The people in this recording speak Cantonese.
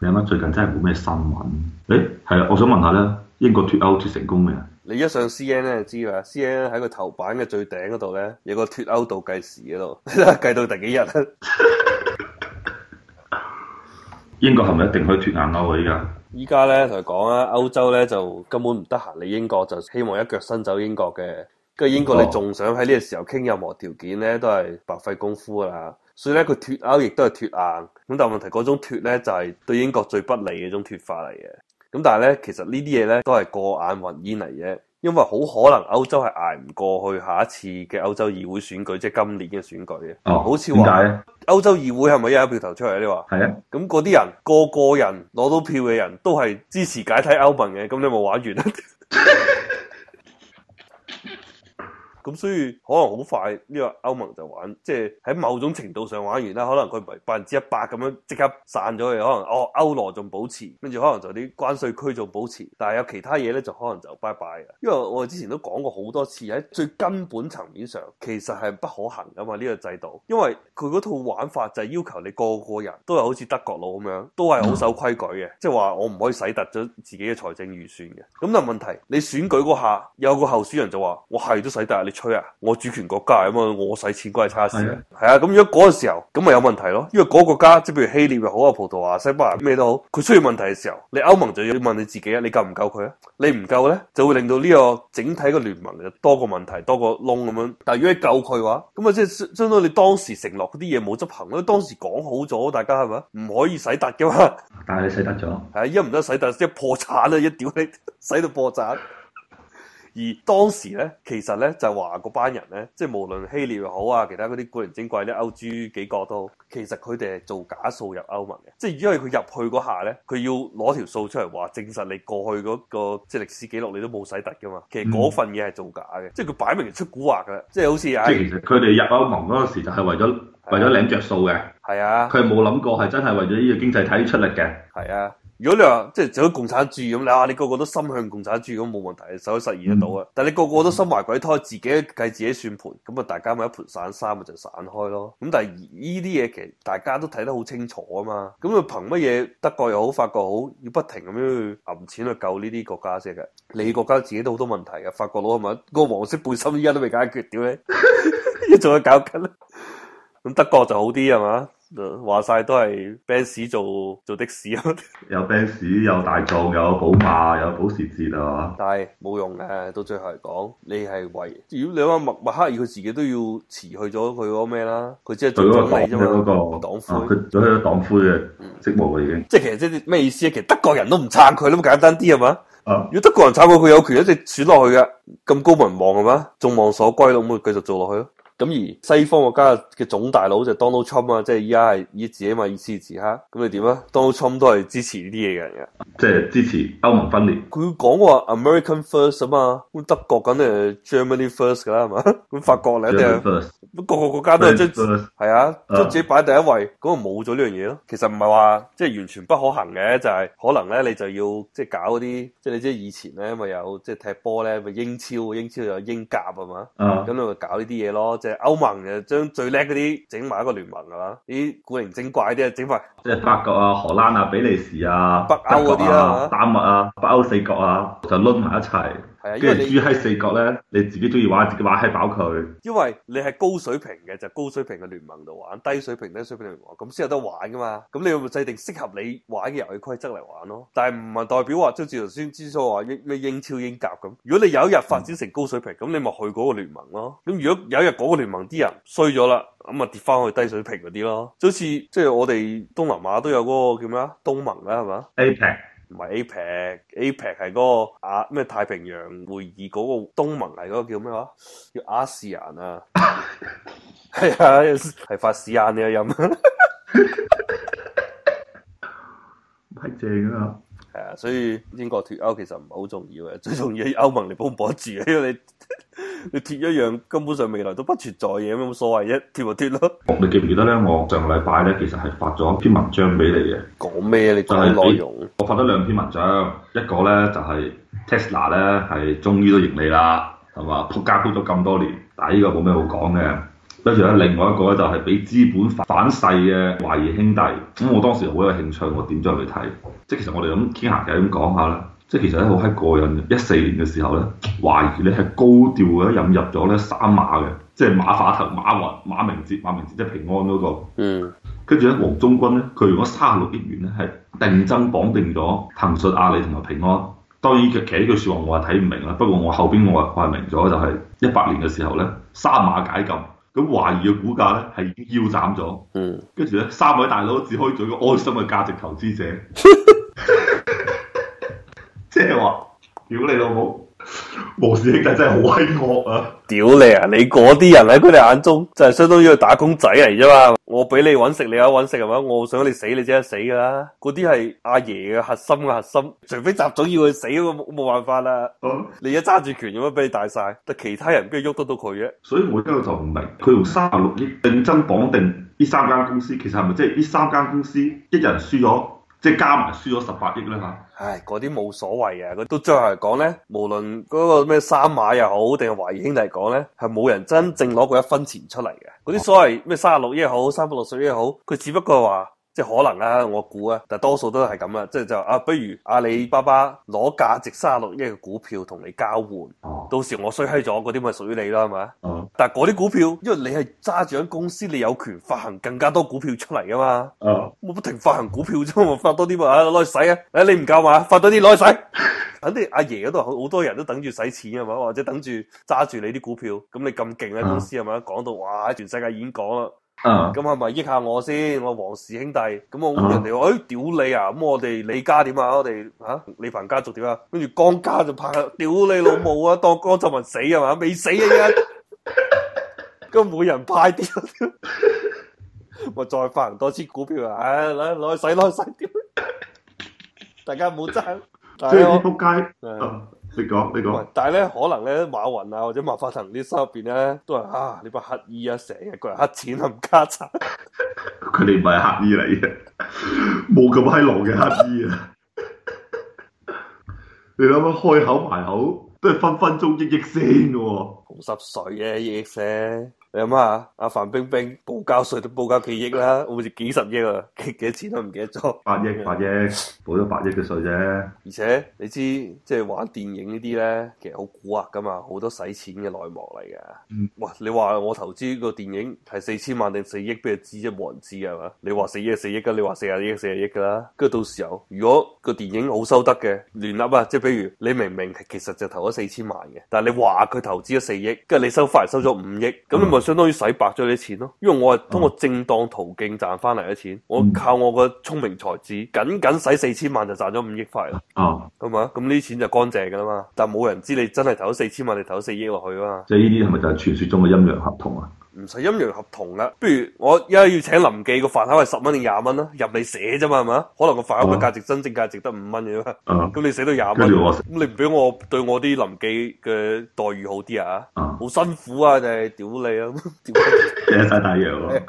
你啱啱最近真係冇咩新聞？誒，係啊，我想問下咧，英國脱歐脱成功未啊？你一上 C N 咧就知啦，C N 喺個頭版嘅最頂嗰度咧，有個脱歐倒計時嗰度， 計到第幾日？ 英國係咪一定可以脱硬歐啊？依家依家咧，同佢講啊，歐洲咧就根本唔得閒理英國，就希望一腳伸走英國嘅，跟住英國你仲想喺呢個時候傾任何條件咧，都係白費功夫啦。所以咧，佢脱歐亦都係脱硬，咁但係問題嗰種脱咧就係、是、對英國最不利嘅一種脱法嚟嘅。咁但係咧，其實呢啲嘢咧都係過眼雲煙嚟嘅，因為好可能歐洲係捱唔過去下一次嘅歐洲議會選舉，即係今年嘅選舉嘅。哦，點解咧？歐洲議會係咪有一票投出嚟？你話係啊，咁嗰啲人個個人攞到票嘅人都係支持解體歐盟嘅，咁你有冇玩完啦？ 咁所以可能好快呢個歐盟就玩，即係喺某種程度上玩完啦。可能佢唔係百分之一百咁樣即刻散咗嘅，可能哦歐羅仲保持，跟住可能就啲關稅區仲保持，但係有其他嘢咧就可能就拜拜啦。因為我哋之前都講過好多次，喺最根本層面上其實係不可行噶嘛呢個制度，因為佢嗰套玩法就係要求你個個人都係好似德國佬咁樣，都係好守規矩嘅，即係話我唔可以使突咗自己嘅財政預算嘅。咁但係問題，你選舉嗰下有個候選人就話我係都使突你。吹啊！我主權國家啊嘛，我使錢關你叉事啊！係啊的，咁如果嗰個時候咁咪有問題咯，因為嗰個國家，即係譬如希臘又好啊，葡萄牙、西班牙咩都好，佢出現問題嘅時候，你歐盟就要問你自己啊，你救唔救佢啊？你唔救咧，就會令到呢個整體嘅聯盟就多個問題、多個窿咁樣。但係如果你救佢嘅話，咁啊，即係相當你當時承諾嗰啲嘢冇執行咯，當時講好咗，大家係咪啊？唔可以使突嘅嘛，但係你使突咗，係一唔得使突即係破產啦，一屌你使到破產。而當時咧，其實咧就話嗰班人咧，即係無論希臘又好啊，其他嗰啲古靈精怪啲歐豬幾個都，其實佢哋係做假數入歐盟嘅，即係因為佢入去嗰下咧，佢要攞條數出嚟話證實你過去嗰、那個即係歷史記錄你都冇使突噶嘛，其實嗰份嘢係做假嘅，嗯、即係佢擺明出蠱惑嘅，即係好似即係其實佢哋入歐盟嗰陣時就係為咗是、啊、為咗領著數嘅，係是啊，佢冇諗過係真係為咗呢個經濟體出力嘅，係是啊。如果你話、就是、即係做咗共產主義咁，嗱、啊、你個個都心向共產主義咁冇問題，就可以實現得到啊！但係你個個都心懷鬼胎，自己計自己算盤，咁啊大家咪一盤散沙咪就散開咯。咁但係呢啲嘢其實大家都睇得好清楚啊嘛。咁啊憑乜嘢德國又好法國好，要不停咁樣去揞錢去救呢啲國家先嘅？你國家自己都好多問題嘅，法國佬係咪嗰個黃色背心依家都未解決點咧？仲要 搞緊，咁 德國就好啲係嘛？話晒都係奔馳做做的士咯， 有奔馳，有大眾，有寶馬，有保時捷啊，但係冇用嘅。到最後嚟講，你係為如果你話默默克爾佢自己都要辭去咗佢嗰咩啦，佢即係做咗個黨啫嘛，黨魁魁，佢做咗個黨魁嘅職務已經務、嗯即。即係其實即係咩意思啊？其實德國人都唔撐佢，咁簡單啲係嘛？啊、如果德國人撐佢，佢有權一直選落去噶。咁高民望係嘛？眾望所歸咯，咁咪繼續做落去咯。咁而西方國家嘅總大佬就 Donald Trump 啊，即係依家係以自己嘛意思持嚇，咁你點啊？Donald Trump 都係支持呢啲嘢嘅人嘅，即係支持歐盟分裂。佢講話 American first 啊嘛，咁德國梗係、erm、Germany first 㗎啦，係嘛？咁法國咧點啊？不個個國家都係將係啊，將自己擺第一位，咁啊冇咗呢樣嘢咯。其實唔係話即係完全不可行嘅，就係、是、可能咧你就要即係、就是、搞啲即係即係以前咧咪、就是、有即係、就是、踢波咧咪英超，英超有英甲啊嘛？嗯，咁你咪搞呢啲嘢咯。歐盟就將最叻嗰啲整埋一個聯盟係嘛？啲古靈精怪啲啊，整埋即係法國啊、荷蘭啊、比利時啊、北歐嗰啲啊、丹麥啊、北歐四國啊，就撈埋一齊。係啊，跟住住喺四角咧，你自己中意玩，自己玩係飽佢。因為你係高水平嘅，就是、高水平嘅聯盟度玩；低水平低水平度玩。咁先有得玩噶嘛？咁你會唔會制定適合你玩嘅遊戲規則嚟玩咯。但係唔係代表話即好似頭先之所話英、英超英甲咁。如果你有一日發展成高水平，咁、嗯、你咪去嗰個聯盟咯。咁如果有一日嗰個聯盟啲人衰咗啦，咁咪跌翻去低水平嗰啲咯。就好似即係我哋東南亞都有、嗰個叫咩啊，東盟咧係嘛？APEC。唔係 APEC，APEC 係嗰個亞咩太平洋會議。嗰個東盟係嗰個叫咩話？叫阿斯人啊。係啊，係發屎眼呢個音，太正噶嘛？係啊，所以英國脫歐其實唔係好重要嘅，最重要係歐盟你保唔保得住，因為你你脫一樣根本上未來都不存在嘢，有冇所謂啫？脫咪脫咯。你記唔記得咧？我上個禮拜咧，其實係發咗一篇文章俾你嘅，講咩？你講內容。我發咗兩篇文章，一個呢就係 Tesla 呢係終於都盈利啦，係嘛，扑街扑咗咁多年，但係呢個冇咩好講嘅。跟住呢，另外一個呢就係俾資本反噬嘅華誼兄弟，咁、嗯、我當時好有興趣，我點咗入去睇。即係其實我哋咁傾下偈咁講下啦。即係其實咧好喺過癮嘅。一四年嘅時候呢，華誼呢係高調嘅引入咗呢三馬嘅，即係馬化騰、馬雲、馬明哲、馬明哲、馬明哲即係平安嗰個。嗯。跟住咧，王中軍咧，佢用咗卅六億元咧，係定增綁定咗騰訊、阿里同埋平安。當然佢企喺句説話，我係睇唔明啦。不過我後邊我係掛明咗，就是，就係一八年嘅時候咧，三馬解禁，咁華誼嘅股價咧係已經腰斬咗。嗯。跟住咧，三位大佬只可以做一個安心嘅價值投資者。即係話，如果你老母。無恥啲人真係好黑惡啊！屌你啊！你嗰啲人喺佢哋眼中就係相當於打工仔嚟啫嘛！我俾你搵食，你有搵食係嘛？我想你死，你即刻死噶啦！嗰啲係阿爺嘅核心嘅核心，除非習總要去死，我冇辦法啦、啊。嗯、你一揸住權，咁樣俾你大晒，但其他人邊度喐得到佢嘅？所以我而家就唔明，佢用三十六億定增綁定呢三間公司，其實係咪即係呢三間公司一人輸咗？即加埋，輸咗十八億啦嚇！唉，嗰啲冇所謂啊，到最後嚟講咧，無論嗰個咩三馬又好，定係華誼兄弟嚟講咧，係冇人真正攞過一分錢出嚟嘅。嗰啲所謂咩三十六億好，三百六十億好，佢只不過話。即係可能啦、啊，我估啊，但多數都係咁啦，即係就啊，不如阿里巴巴攞價值卅六億嘅股票同你交換，啊、到時我衰喺咗，嗰啲咪屬於你啦，係嘛？啊、但係嗰啲股票，因為你係揸住間公司，你有權發行更加多股票出嚟噶嘛？啊、我不停發行股票啫嘛，發多啲啊攞去使啊！誒、啊啊啊，你唔夠嘛？發多啲攞去使，肯定阿爺度好多人都等住使錢啊嘛，或者等住揸住你啲股票，咁你咁勁喺公司係咪？講到哇，全世界已經講啊！Uh huh. 嗯，咁係咪益下我先？我黃氏兄弟，咁我人哋話，誒，屌、哎、你啊！咁我哋李家點啊？我哋吓李鵬家族點啊？跟住江家就拍，屌你老母啊！當江澤民死啊嘛？未死啊而家，咁 每人派啲，我 再發行多支股票啊！唉，攞攞去洗，攞去洗，去洗 大家唔好爭，我係扑街。你講，你講。但係咧，可能咧，馬雲啊，或者馬化騰啲心入邊咧，都話啊，你班乞衣啊，成日過嚟乞錢冚家鏟。佢哋唔係乞衣嚟嘅，冇咁閪狼嘅乞衣啊！ 你諗下，開口埋口，都係分分鐘億億先喎。好濕碎嘅，啊，億億聲。你諗下，阿范冰冰報交稅都報交幾億啦，好似幾十億啊，幾幾多錢都唔記得咗。八億八億，報咗八億嘅稅啫。而且你知，即係玩電影呢啲咧，其實好蠱惑噶嘛，好多使錢嘅內幕嚟嘅。嗯，哇，你話我投資個電影係四千萬定四億，邊個知啫？冇人知係嘛。你話四億四億噶，你話四廿億四廿億噶啦。跟住、嗯、到時候，如果個電影好收得嘅，亂噏啊！即係譬如你明明其實就投咗四千萬嘅，但係你話佢投資咗四億，跟住你收翻嚟收咗五億，咁、嗯就相當於洗白咗啲錢咯，啊，因為我係通過正當途徑賺翻嚟嘅錢，我靠我個聰明才智，僅僅使四千萬就賺咗五億塊啦。哦，啊，咁啊，咁呢啲錢就乾淨噶啦嘛，但係冇人知你真係投咗四千萬，你投咗四億落去啊嘛。即係呢啲係咪就係傳說中嘅陰陽合同啊？唔使陰陽合同啦，不如我而家要請臨記個飯盒係十蚊定廿蚊啦，入你寫啫嘛，係嘛？可能個飯盒嘅價值，oh. 真正價值得五蚊嘅，咁、uh huh. 你寫到廿蚊，咁、uh huh. 你唔俾我對我啲臨記嘅待遇好啲啊？好、uh huh. 辛苦啊，你、就、屌、是、你啊！曬太陽